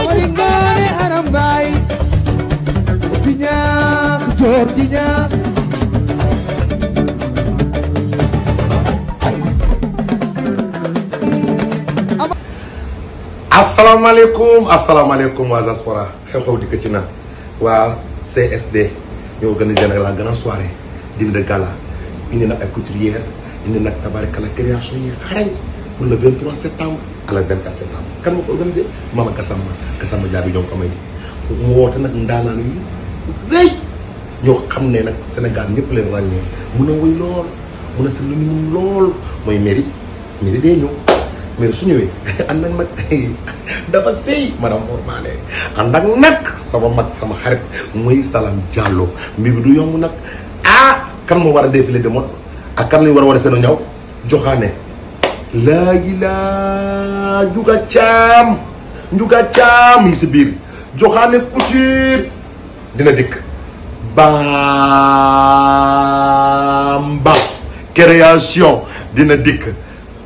amari ngoone aram baay di ñaax joor di ñaax asalaamaaleykum asalaamaaleykum waa diaspora xew-xew dikk ci na waa CSD ñoo organisé nag la grande soirée dîner de gala indi na ay couturières indi nag tabarikala création yi xarañ pour le 23 septembre à le 24 septembre kan ma ko organisé Mama Gassama Gassama Diaby ñoo nag xam ne nag senegal ñëpp leen ràññee mun a woy lool mun a seen lu ñu lool mooy mairie mairie day ñëw mairie su ñëwee ànd ak nag dafa sëy madame Ormane ànd ak nag sama mag sama xarit mooy Salam Diallo mbir bi du yomb nag ah kan ma war a défilé de mode ak kan lañ war a war a seen ñaw joxaane laa ilaa njuga caam njuga caam yi si biir joxaane kucir dina dikk Bamba création dina dikk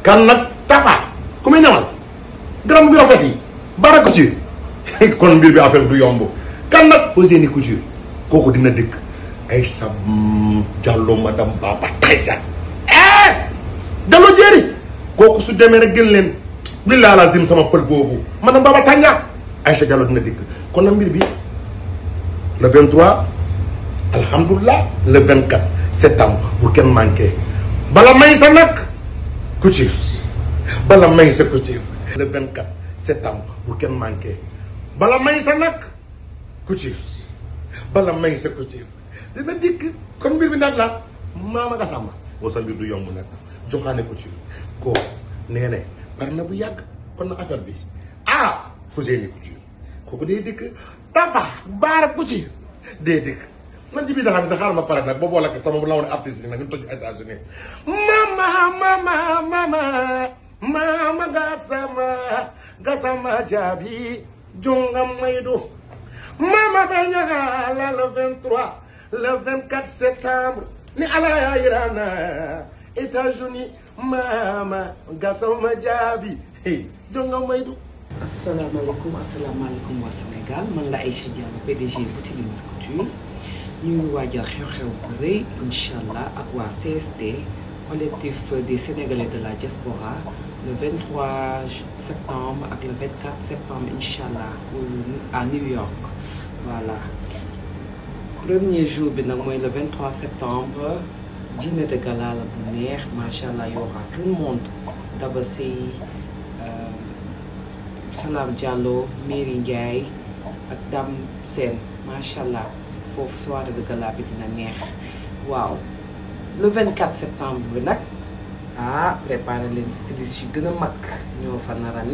kan nag tafa ku muy newal garam bi rafet yi bara couture kon mbir bi affaire du yomb kan nag foo seeni couture kooku dina dikk ay sab Diallo madame Baba Taïda eh Diallo Jeeri kooku su demee rek gën leen billahi lazim sama pël boobu madame Baba Taïda Aïcha Diallo dina dikk kon na mbir bi le 23 alhamdulilah le 24 septembre bu kenn manqué bala may sa nag couture bala may sa couture le 24 septembre bu kenn manqué bala may sa nag couture bala may sa couture dina dikk kon bir bi nat la mama ka samba bo sa bir du yomb nak joxane ko ci ko nene parna bu yag kon na affaire bi ah fusee ni ko ci ko day dik tata bar ko ci day dik man di bi dafa sa xarma ma nak bo bo lak sama lawone artiste nak ñu toj États-Unis mama mama mama mama ga sama jabi jongam maydu mama be ñaga la le 23 le 24 septembre ni ala y'a yira unis maama gasaw ma jaabi Assalamu alaikum, Mayidu. asalaamaaleykum Wa Sénégal Je suis Aïcha Diallo PDG boutique de Couture ñu ngi waajal xew-xew bu à collectif des Sénégalais de la diaspora le 23 septembre avec le 24 septembre Inshallah, à New York voilà premier jour bi le 23 septembre dîner de gala la bu neex y aura tout le monde Daba Seye euh, Salam Diallo Mary gay et Dame Sène soirée de gala bi dina Wow! le 24 septembre bi ah préparé les styliste de gën a mag ñoo fa nar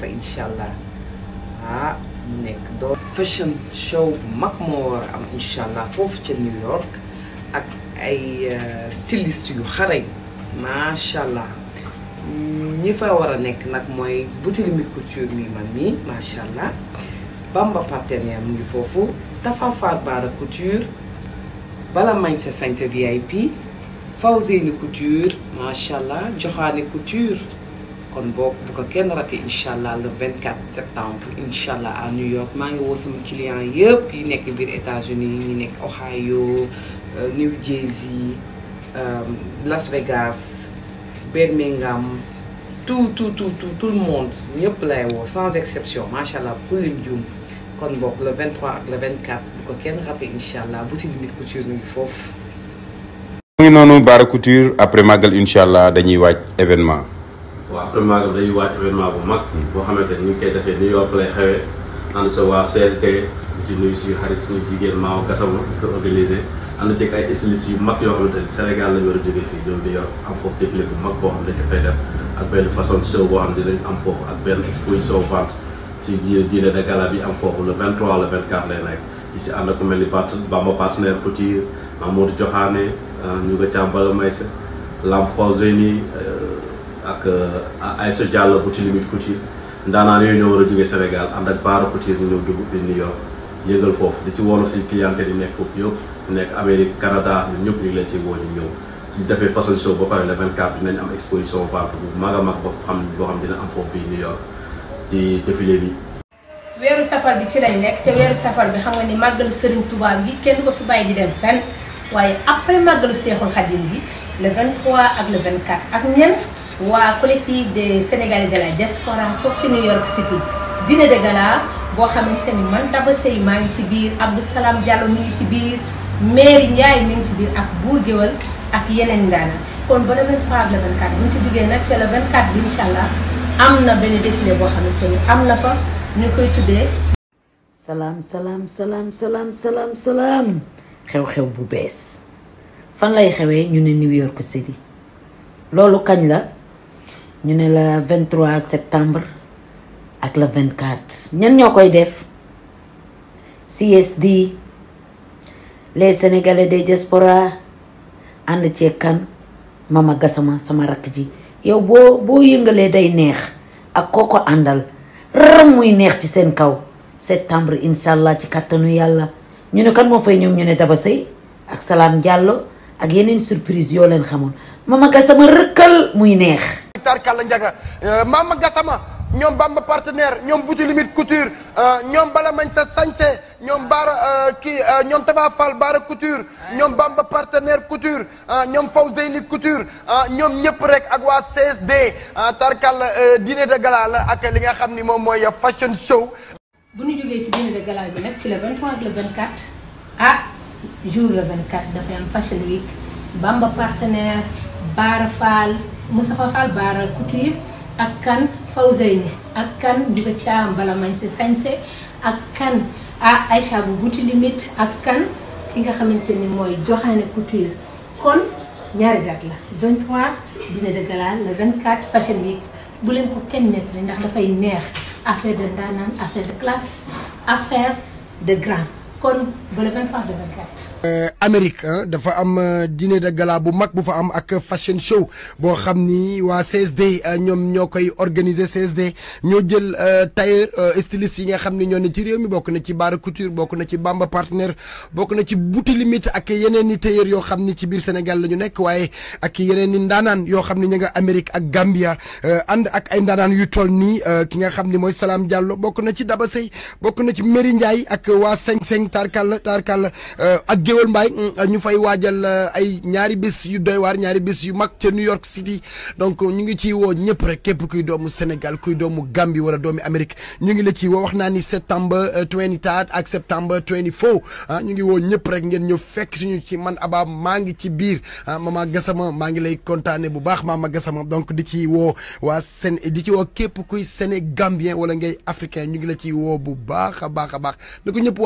fa ah fashion show bu mag moo war am incha foofu ca New York ak ay euh, styliste yu xarañ macha allah ñi fa war a nekk nag mooy Boutilimi Couture mi man mi macha allah Bamba partenaire mu ngi foofu Tafa Faat Baara Couture Bala Mañ sa sañsa VIP Fawzeni Couture macha allah Joxaane Couture kon boo bu ko kenn ratee incha le 24 septembre inshallah, à New York maa ngi woo sama client yépp yi nekk biir États-Unis yi nekk Ohio euh, New Jersey euh, Las Vegas Birmingham tout tout tout tout tout le monde ñëpp lay woo sans exception machallah pour ku kon bokk le 23 ak le 24 bu ko kenn ratee incha boutique Limite Couture mi ngi foofu. mu ngi noonu Bara Couture après magal, inshallah, dañuy waaj événement. bu après magal dañuy waaj événement bu mag boo xamante ni ñu ngi koy defee New York lay xewee ànd sa waa CSD ci nuyu suñu xarit suñu jigéen ay stylistes yu mag yoo xamante ni Sénégal lañu war a jógee fii ñoom New York am foofu défilé bu mag boo xam ne dafay def ak benn façon show boo xam ne am foofu ak benn exposition vente ci dîner de gala bi am foofu le 23 le 24 lay nekk si ànd ak ku mel ni part Bamba partenaire couture Mamadou Joxaane euh, ñu nga càmbala may sa Lamp euh, ak euh, Aïssa Diallo bu Tilimit Couture ndaanaan yooyu ñoo war a jógee Sénégal am ak Baara Couture ñëw dugg bi New York yëngal foofu di ci woonu suñu clientèle yi nekk foofu yëpp nekk Amérique Canada ñun ñëpp ñu ngi leen ci woo ñu ñëw suñu defee façon show am exposition vente bu mag a mag boo xam boo xam dina am foofu bi New York ci défilé bi weeru safar bi ci lañ nekk te weeru safar bi xam nga ni màggalu Serigne Touba bi kenn ko fi bàyyi di dem fenn waaye après màggalu Seexul Xadim bi le 23 ak le 24 ak waa collectif des Sénégalais de la diaspora fort ci New York City dîner de gala boo xamante ni man Daba Seye maa ngi ci biir Abdou Salam Diallo mi ngi ci biir maire Ndiaye mi ngi ci biir ak Bour Guéweul ak yeneen daana kon ba le 23 le 24 bu ñu ci duggee nag ca le 24 bi incha allah am na benn défilé boo xamante ni am na fa ñu koy tuddee. salaam salaam salaam salaam salaam salaam xew-xew bu bees fan lay xewee ñu ne New York City loolu kañ la. ñu ne la 23 septembre ak la 24 ñan ñoo koy def CSD les sénégalais de diaspora ànd cee kan mama gasama sama rakk ji yow boo boo yëngalee day neex ak koo àndal ram muy neex ci seen kaw septembre incha allah ci kàttanu yàlla ñu ne kan moo fay ñoom ñu ne Daba Sey ak Salam Diallo ak yeneen surprise yoo leen xamoon mama gasama rëkkal muy neex Tar Kalla euh, Mama Gassama ñom Bamba partenaire ñom Bouti Limite Couture euh, ñom Bala Mañ sa Sañse ñom Baara euh, ki ñom Tafa Fall Baara Couture ñom Bamba partenaire Couture ñom Fawzeyni Couture ñom ñep rek ak waa CSD tarkal dîner de gala la ak li nga xamni mom moy fashion show. bu ñu joggé ci dîner de gala bi nak ci le 23 ak le 24 ah jour le 24 dafay am fashion week Bamba partenaire Baara Fall. mu Moustapha Fall Baara Couture ak kan Fawzeyni ak kan Ndiouga Thiam bala mañ si sañse ak kan ah Aïcha bu buti limite ak kan ki nga xamante ni mooy Joxaane Couture kon ñaari date la 23 dîner de gala le 24 fashion week bu leen ko kenn nettali ndax dafay neex affaire de ndaanaan affaire de classe affaire de grand kon ba le 23 de 24. Euh, Amérique dafa am euh, dîner de gala bu mag bu fa am ak fashion show boo xam ni waa CSD euh, ñoom ñoo koy organiser CSD ñoo jël tailleur styliste yi nga xam ni ñoo ne ci réew mi bokk na ci baar Couture bokk na ci Bamba Partenaire bokk na ci Bouti Limite ak yeneen ni tailleur yoo xam ni ci biir Sénégal la ñu nekk waaye ak yeneen i ndaanaan yoo xam ni ñu nga Amérique ak Gambia ànd ak ay ndaanaan yu toll nii ki nga xam ni mooy salaam Diallo bokk na ci Daba Sey bokk na ci Mary Ndiaye ak waa Seng Seng Tarkal Géwal Mbaye mm, ñu fay wajal euh, ay ñaari bis yu doy war ñaari bis yu mag ci New York City donc ñu ngi ci wo ñëpp rek kep kuy doomu Sénégal kuy doomu Gambie wala doomu Amérique ñu ngi la ci wo wax ni septembre 23 euh, ak septembre 24 ah, ñu ngi wo ñëpp rek ngeen ñu fekk suñu ci man Aba ma ngi ci biir ah, mama Gassama ma ngi lay kontaane bu baax mama Gassama donc di ci wo wa sen di ci wo kep kuy Sénégambien wala ngay africain ñu ngi la ci wo bu baax a baax a baax na ko ñëpp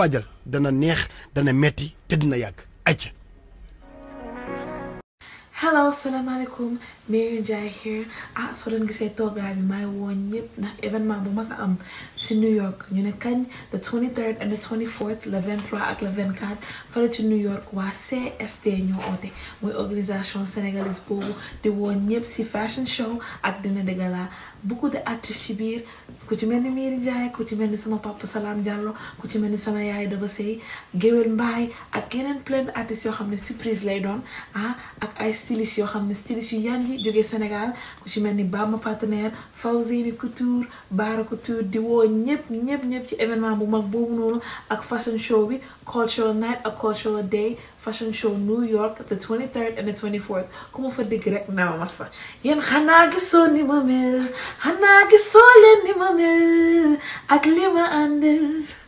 dana neex dana metti te dina yàgg acca hello salaamaaleykum Mary Ndiaye here ah soo leen gisee toogaay bi may woo ñëpp ndax événement bu mag a am ci New York ñu ne kañ the 23rd and the 24th le 23 ak le 24 fële ci New York waa CSD ñoo oote muy organisation sénégalaise boobu di woo ñëpp ci fashion show ak dîner de gala beaucoup de artistes ci biir ku ci mel ni Mary Ndiaye ku ci mel ni sama papa Salam Diallo ku ci mel ni sama yaay Daba Sey Géwél Mbaye ak yeneen plein artistes yoo xam ne surprise lay doon ah, ak ay stylistes yoo xam ne yi jóge Sénégal ku ci mel ni Bamba partenaire Fawzini Couture Baara Couture di woo ñëpp ñëpp ñëpp ci événement bu mag boobu noonu ak fashion show cultural night ak cultural day fashion show New York the 23rd and the 24 ku ma fa dégg rek naaw ma sax yéen xanaa gisoo ni ma ak li ma